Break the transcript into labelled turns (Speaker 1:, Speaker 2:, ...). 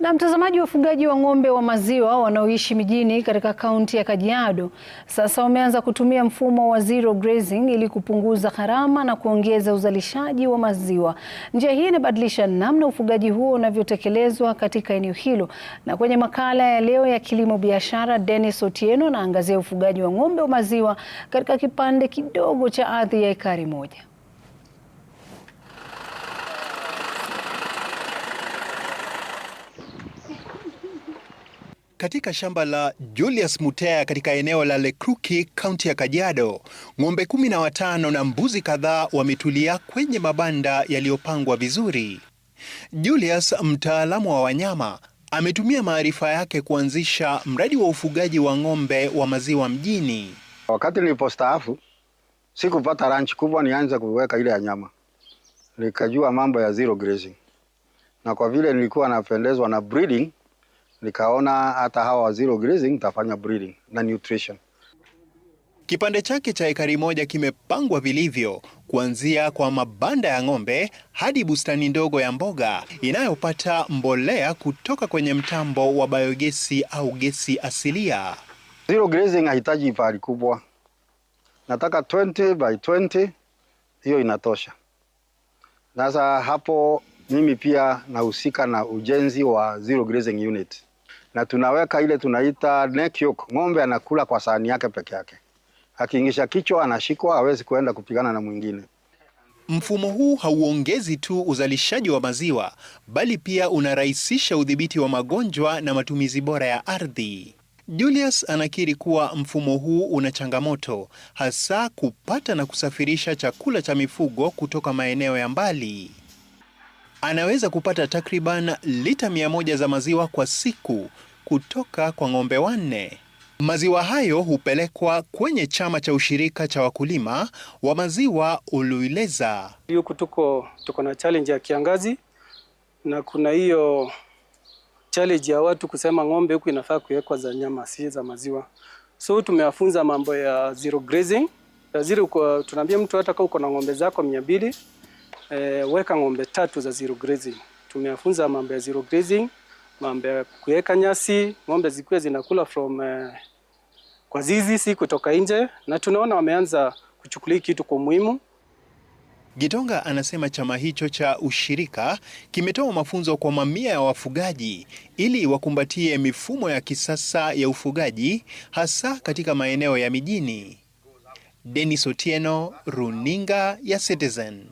Speaker 1: Na mtazamaji, wafugaji wa ng'ombe wa maziwa wanaoishi mijini katika kaunti ya Kajiado sasa wameanza kutumia mfumo wa zero grazing ili kupunguza gharama na kuongeza uzalishaji wa maziwa. Njia hii inabadilisha namna ufugaji huo unavyotekelezwa katika eneo hilo. Na kwenye makala ya leo ya kilimo biashara, Dennis Otieno anaangazia ufugaji wa ng'ombe wa maziwa katika kipande kidogo cha ardhi ya ekari moja.
Speaker 2: Katika shamba la Julius Mutea katika eneo la Lekruki, kaunti ya Kajiado, ng'ombe kumi na watano na mbuzi kadhaa wametulia kwenye mabanda yaliyopangwa vizuri. Julius, mtaalamu wa wanyama, ametumia maarifa yake kuanzisha mradi wa ufugaji wa ng'ombe wa maziwa mjini.
Speaker 3: Wakati nilipostaafu sikupata ranch kubwa nianze kuweka ile ya nyama, nikajua mambo ya zero grazing, na kwa vile nilikuwa napendezwa na breeding nikaona hata hawa zero grazing tafanya breeding na nutrition.
Speaker 2: Kipande chake cha ekari moja kimepangwa vilivyo kuanzia kwa mabanda ya ng'ombe hadi bustani ndogo ya mboga inayopata mbolea kutoka kwenye mtambo wa biogesi au gesi asilia.
Speaker 3: Zero grazing hahitaji ifari kubwa, nataka 20 by 20, hiyo inatosha. Sasa hapo mimi pia nahusika na ujenzi wa zero grazing unit na tunaweka ile tunaita neck yoke. Ng'ombe anakula kwa sahani yake peke yake, akiingisha kichwa anashikwa, hawezi kuenda kupigana na mwingine.
Speaker 2: Mfumo huu hauongezi tu uzalishaji wa maziwa bali pia unarahisisha udhibiti wa magonjwa na matumizi bora ya ardhi. Julius anakiri kuwa mfumo huu una changamoto hasa kupata na kusafirisha chakula cha mifugo kutoka maeneo ya mbali anaweza kupata takriban lita mia moja za maziwa kwa siku kutoka kwa ng'ombe wanne. Maziwa hayo hupelekwa kwenye chama cha ushirika cha wakulima wa maziwa Uluileza.
Speaker 4: Huku tuko, tuko na challenge ya kiangazi na kuna hiyo challenge ya watu kusema ng'ombe huku inafaa kuwekwa za nyama si za maziwa. So tumewafunza mambo ya zero grazing. Tunaambia mtu hata kama uko na ng'ombe zako mia mbili e, weka ng'ombe tatu za zero grazing. Tumewafunza mambo ya zero grazing, mambo ya kuweka nyasi, ng'ombe zikuwe zinakula from e, kwa zizi, si kutoka nje, na tunaona wameanza kuchukulia kitu kwa muhimu.
Speaker 2: Gitonga anasema chama hicho cha ushirika kimetoa mafunzo kwa mamia ya wafugaji ili wakumbatie mifumo ya kisasa ya ufugaji hasa katika maeneo ya mijini. Dennis Otieno, Runinga ya Citizen.